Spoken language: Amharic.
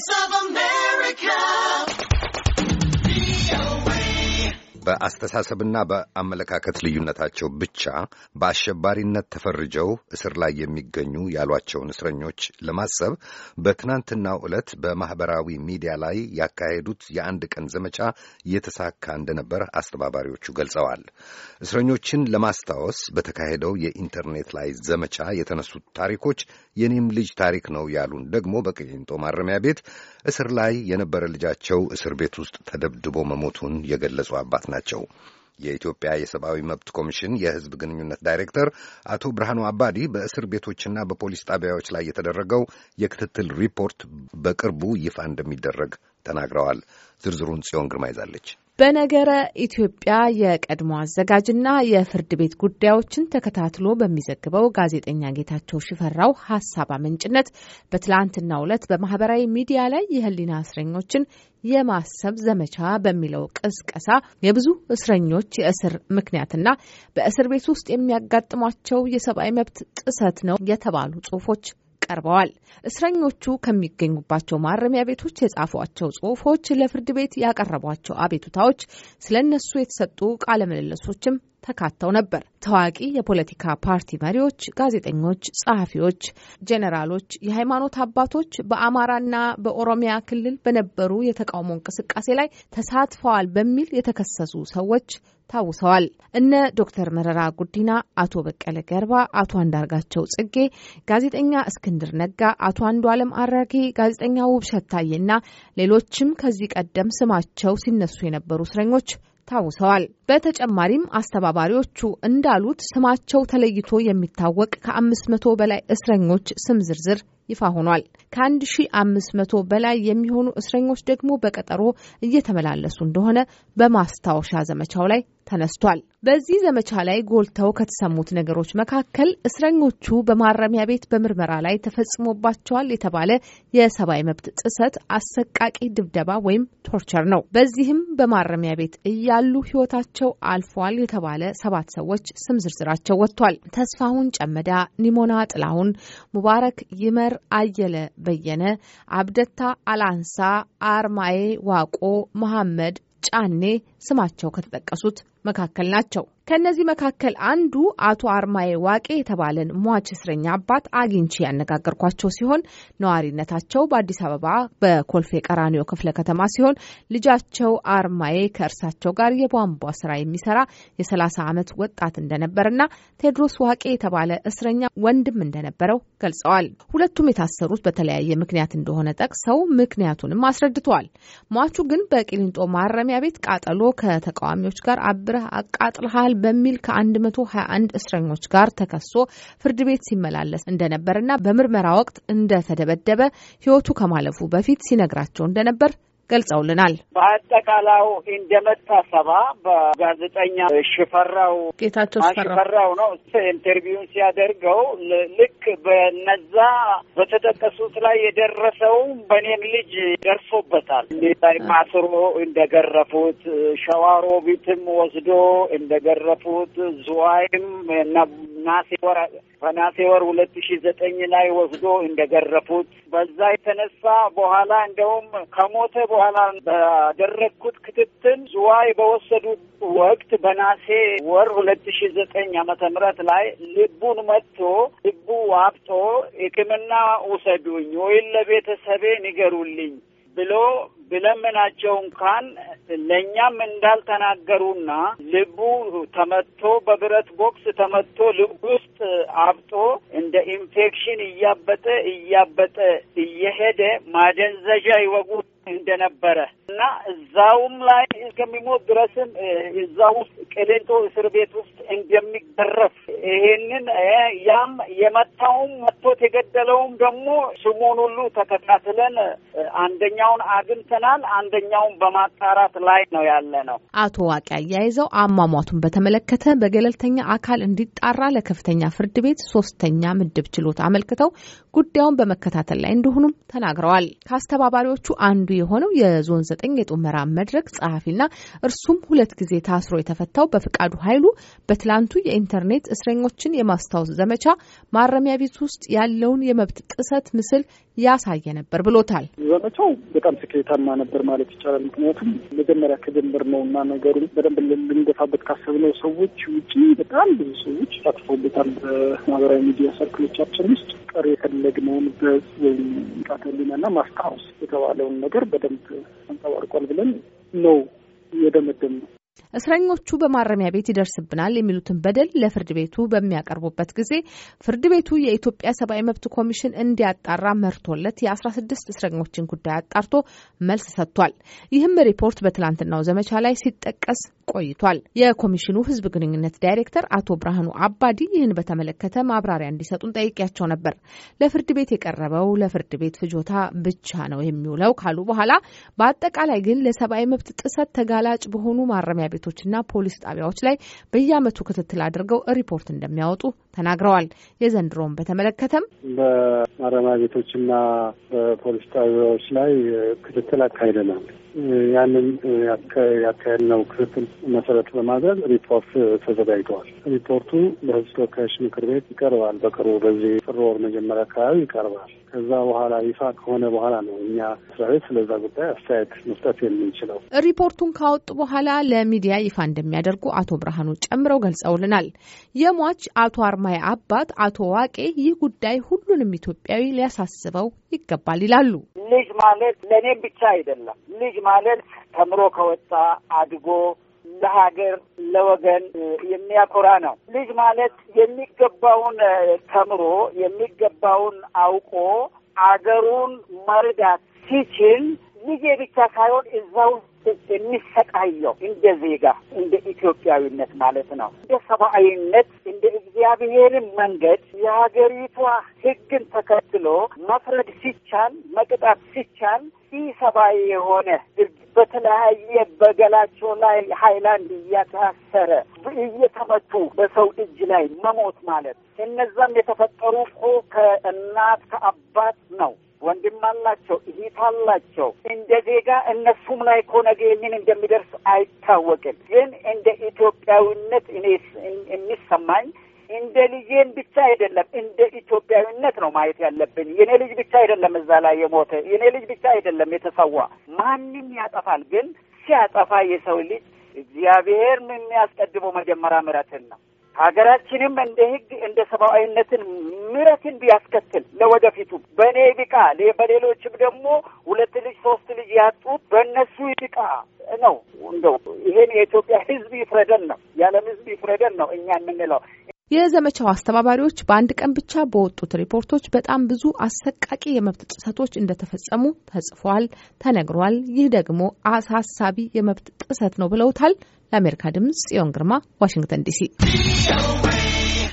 of America በአስተሳሰብና በአመለካከት ልዩነታቸው ብቻ በአሸባሪነት ተፈርጀው እስር ላይ የሚገኙ ያሏቸውን እስረኞች ለማሰብ በትናንትናው ዕለት በማኅበራዊ ሚዲያ ላይ ያካሄዱት የአንድ ቀን ዘመቻ የተሳካ እንደነበር አስተባባሪዎቹ ገልጸዋል። እስረኞችን ለማስታወስ በተካሄደው የኢንተርኔት ላይ ዘመቻ የተነሱት ታሪኮች የኔም ልጅ ታሪክ ነው ያሉን ደግሞ በቅሊንጦ ማረሚያ ቤት እስር ላይ የነበረ ልጃቸው እስር ቤት ውስጥ ተደብድቦ መሞቱን የገለጹ አባት ናቸው። ናቸው። የኢትዮጵያ የሰብአዊ መብት ኮሚሽን የህዝብ ግንኙነት ዳይሬክተር አቶ ብርሃኑ አባዲ በእስር ቤቶችና በፖሊስ ጣቢያዎች ላይ የተደረገው የክትትል ሪፖርት በቅርቡ ይፋ እንደሚደረግ ተናግረዋል። ዝርዝሩን ጽዮን ግርማ ይዛለች። በነገረ ኢትዮጵያ የቀድሞ አዘጋጅና የፍርድ ቤት ጉዳዮችን ተከታትሎ በሚዘግበው ጋዜጠኛ ጌታቸው ሽፈራው ሀሳብ አመንጭነት በትላንትናው ዕለት በማህበራዊ ሚዲያ ላይ የህሊና እስረኞችን የማሰብ ዘመቻ በሚለው ቅስቀሳ የብዙ እስረኞች የእስር ምክንያትና በእስር ቤት ውስጥ የሚያጋጥሟቸው የሰብአዊ መብት ጥሰት ነው የተባሉ ጽሁፎች ቀርበዋል። እስረኞቹ ከሚገኙባቸው ማረሚያ ቤቶች የጻፏቸው ጽሁፎች፣ ለፍርድ ቤት ያቀረቧቸው አቤቱታዎች፣ ስለ እነሱ የተሰጡ ቃለ ምልልሶችም ተካተው ነበር። ታዋቂ የፖለቲካ ፓርቲ መሪዎች፣ ጋዜጠኞች፣ ጸሐፊዎች፣ ጄኔራሎች፣ የሃይማኖት አባቶች በአማራና በኦሮሚያ ክልል በነበሩ የተቃውሞ እንቅስቃሴ ላይ ተሳትፈዋል በሚል የተከሰሱ ሰዎች ታውሰዋል። እነ ዶክተር መረራ ጉዲና፣ አቶ በቀለ ገርባ፣ አቶ አንዳርጋቸው ጽጌ፣ ጋዜጠኛ እስክንድር ነጋ፣ አቶ አንዱ አለም አራጌ፣ ጋዜጠኛ ውብሸት ታዬና ሌሎችም ከዚህ ቀደም ስማቸው ሲነሱ የነበሩ እስረኞች ታውሰዋል። በተጨማሪም አስተባባሪዎቹ እንዳሉት ስማቸው ተለይቶ የሚታወቅ ከአምስት መቶ በላይ እስረኞች ስም ዝርዝር ይፋ ሆኗል። ከ1500 በላይ የሚሆኑ እስረኞች ደግሞ በቀጠሮ እየተመላለሱ እንደሆነ በማስታወሻ ዘመቻው ላይ ተነስቷል። በዚህ ዘመቻ ላይ ጎልተው ከተሰሙት ነገሮች መካከል እስረኞቹ በማረሚያ ቤት በምርመራ ላይ ተፈጽሞባቸዋል የተባለ የሰብአዊ መብት ጥሰት፣ አሰቃቂ ድብደባ ወይም ቶርቸር ነው። በዚህም በማረሚያ ቤት እያሉ ሕይወታቸው አልፏል የተባለ ሰባት ሰዎች ስም ዝርዝራቸው ወጥቷል። ተስፋሁን ጨመዳ፣ ኒሞና ጥላሁን፣ ሙባረክ ይመር፣ አየለ በየነ፣ አብደታ አላንሳ፣ አርማዬ ዋቆ፣ መሐመድ ጫኔ ስማቸው ከተጠቀሱት መካከል ናቸው። ከእነዚህ መካከል አንዱ አቶ አርማዬ ዋቄ የተባለን ሟች እስረኛ አባት አግኝቼ ያነጋገርኳቸው ሲሆን ነዋሪነታቸው በአዲስ አበባ በኮልፌ ቀራኒዮ ክፍለ ከተማ ሲሆን ልጃቸው አርማዬ ከእርሳቸው ጋር የቧንቧ ስራ የሚሰራ የ30 ዓመት ወጣት እንደነበረና ቴድሮስ ዋቄ የተባለ እስረኛ ወንድም እንደነበረው ገልጸዋል። ሁለቱም የታሰሩት በተለያየ ምክንያት እንደሆነ ጠቅሰው ምክንያቱንም አስረድተዋል። ሟቹ ግን በቂሊንጦ ማረሚያ ቤት ቃጠሎ ከተቃዋሚዎች ጋር አብረህ አቃጥልሃል በሚል ከ121 እስረኞች ጋር ተከሶ ፍርድ ቤት ሲመላለስ እንደነበርና በምርመራ ወቅት እንደተደበደበ ሕይወቱ ከማለፉ በፊት ሲነግራቸው እንደነበር ገልጸውልናል። በአጠቃላው እንደመጣ ሰባ በጋዜጠኛ ሽፈራው ጌታቸው ሽፈራው ነው ኢንተርቪውን ሲያደርገው ልክ በነዛ በተጠቀሱት ላይ የደረሰው በኔም ልጅ ደርሶበታል። ላይ ማስሮ እንደገረፉት፣ ሸዋሮቢትም ወስዶ እንደገረፉት፣ ዝዋይም ነሐሴ ወር በነሐሴ ወር ሁለት ሺ ዘጠኝ ላይ ወስዶ እንደገረፉት በዛ የተነሳ በኋላ እንደውም ከሞተ በኋላ ባደረግኩት ክትትል ዝዋይ በወሰዱት ወቅት በነሐሴ ወር ሁለት ሺ ዘጠኝ ዓመተ ምህረት ላይ ልቡን መጥቶ ልቡ አብጦ ሕክምና ውሰዱኝ ወይም ለቤተሰቤ ንገሩልኝ ብሎ ብለምናቸው እንኳን ለእኛም እንዳልተናገሩና ልቡ ተመቶ በብረት ቦክስ ተመቶ ልቡ ውስጥ አብጦ እንደ ኢንፌክሽን እያበጠ እያበጠ እየሄደ ማደንዘዣ ይወጉት እንደነበረ እና እዛውም ላይ እስከሚሞት ድረስም እዛ ውስጥ ቄሌንቶ እስር ቤት ውስጥ እንደሚገረፍ ይሄንን ያም የመታውም መጥቶት የገደለውም ደግሞ ስሙን ሁሉ ተከታትለን አንደኛውን አግኝተናል። አንደኛውን በማጣራት ላይ ነው ያለ ነው። አቶ ዋቂ አያይዘው አሟሟቱን በተመለከተ በገለልተኛ አካል እንዲጣራ ለከፍተኛ ፍርድ ቤት ሶስተኛ ምድብ ችሎት አመልክተው ጉዳዩን በመከታተል ላይ እንደሆኑም ተናግረዋል። ከአስተባባሪዎቹ አንዱ የሆነው የዞን ዘጠኝ የጡመራ መድረክ ጸሐፊና እርሱም ሁለት ጊዜ ታስሮ የተፈታው በፍቃዱ ኃይሉ በትላንቱ የኢንተርኔት እስረኞችን የማስታወስ ዘመቻ ማረሚያ ቤት ውስጥ ያለውን የመብት ጥሰት ምስል ያሳየ ነበር ብሎታል። ዘመቻው በጣም ስኬታማ ነበር ማለት ይቻላል። ምክንያቱም መጀመሪያ ነው እና ነገሩን በደንብ ልንገፋበት ካሰብነው ሰዎች ውጪ በጣም ብዙ ሰዎች ታክፎበታል። በማህበራዊ ሚዲያ ሰርክሎቻችን ውስጥ ቀር የፈለግነውን በጽ ወይም ቃተሊና ና ማስታወስ የተባለውን ነገር ነገር በደንብ አንጸባርቋል ብለን ነው የደመደም ነው። እስረኞቹ በማረሚያ ቤት ይደርስብናል የሚሉትን በደል ለፍርድ ቤቱ በሚያቀርቡበት ጊዜ ፍርድ ቤቱ የኢትዮጵያ ሰብአዊ መብት ኮሚሽን እንዲያጣራ መርቶለት የ16 እስረኞችን ጉዳይ አጣርቶ መልስ ሰጥቷል። ይህም ሪፖርት በትላንትናው ዘመቻ ላይ ሲጠቀስ ቆይቷል። የኮሚሽኑ ህዝብ ግንኙነት ዳይሬክተር አቶ ብርሃኑ አባዲ ይህን በተመለከተ ማብራሪያ እንዲሰጡን ጠይቄያቸው ነበር። ለፍርድ ቤት የቀረበው ለፍርድ ቤት ፍጆታ ብቻ ነው የሚውለው ካሉ በኋላ በአጠቃላይ ግን ለሰብአዊ መብት ጥሰት ተጋላጭ በሆኑ ማረሚያ ቤቶች ቤቶችና ፖሊስ ጣቢያዎች ላይ በየአመቱ ክትትል አድርገው ሪፖርት እንደሚያወጡ ተናግረዋል። የዘንድሮውን በተመለከተም በማረሚያ ቤቶችና በፖሊስ ጣቢያዎች ላይ ክትትል አካሂደናል። ያንን ያካሄድነው ክትትል መሰረት በማድረግ ሪፖርት ተዘጋጅተዋል። ሪፖርቱ ለሕዝብ ተወካዮች ምክር ቤት ይቀርባል። በቅርቡ በዚህ ጥር ወር መጀመሪያ አካባቢ ይቀርባል። ከዛ በኋላ ይፋ ከሆነ በኋላ ነው እኛ መስሪያ ቤት ስለዛ ጉዳይ አስተያየት መስጠት የምንችለው። ሪፖርቱን ካወጡ በኋላ ለሚዲያ ይፋ እንደሚያደርጉ አቶ ብርሃኑ ጨምረው ገልጸውልናል። የሟች አቶ አርማይ አባት አቶ ዋቄ ይህ ጉዳይ ሁሉንም ኢትዮጵያዊ ሊያሳስበው ይገባል ይላሉ። ልጅ ማለት ለእኔም ብቻ አይደለም። ልጅ ማለት ተምሮ ከወጣ አድጎ ለሀገር ለወገን የሚያኮራ ነው። ልጅ ማለት የሚገባውን ተምሮ የሚገባውን አውቆ አገሩን መርዳት ሲችል ልጄ ብቻ ሳይሆን እዛው። የሚሰቃየው እንደ ዜጋ እንደ ኢትዮጵያዊነት ማለት ነው እንደ ሰብአዊነት እንደ እግዚአብሔርን መንገድ የሀገሪቷ ህግን ተከትሎ መፍረድ ሲቻል መቅጣት ሲቻል ይህ ሰብአዊ የሆነ በተለያየ በገላቸው ላይ ሀይላንድ እያታሰረ እየተመቱ በሰው እጅ ላይ መሞት ማለት እነዛም የተፈጠሩ እኮ ከእናት ከአባት ነው። ወንድም አላቸው፣ እህት አላቸው። እንደ ዜጋ እነሱም ላይ እኮ ነገ ምን እንደሚደርስ አይታወቅም። ግን እንደ ኢትዮጵያዊነት እኔ የሚሰማኝ እንደ ልጄን ብቻ አይደለም እንደ ኢትዮጵያዊነት ነው ማየት ያለብን። የኔ ልጅ ብቻ አይደለም እዛ ላይ የሞተ የኔ ልጅ ብቻ አይደለም የተሰዋ፣ ማንም ያጠፋል። ግን ሲያጠፋ የሰው ልጅ እግዚአብሔር የሚያስቀድመው መጀመሪያ ምሕረትን ነው። ሀገራችንም እንደ ህግ እንደ ሰብአዊነትን ምረትን ቢያስከትል ለወደፊቱ በእኔ ቢቃ በሌሎችም ደግሞ ሁለት ልጅ ሶስት ልጅ ያጡት በእነሱ ቢቃ ነው። እንደው ይሄን የኢትዮጵያ ህዝብ ይፍረደን ነው፣ የዓለም ህዝብ ይፍረደን ነው እኛ የምንለው የዘመቻው አስተባባሪዎች በአንድ ቀን ብቻ በወጡት ሪፖርቶች በጣም ብዙ አሰቃቂ የመብት ጥሰቶች እንደተፈጸሙ ተጽፏል፣ ተነግሯል። ይህ ደግሞ አሳሳቢ የመብት ጥሰት ነው ብለውታል። ለአሜሪካ ድምጽ ጽዮን ግርማ ዋሽንግተን ዲሲ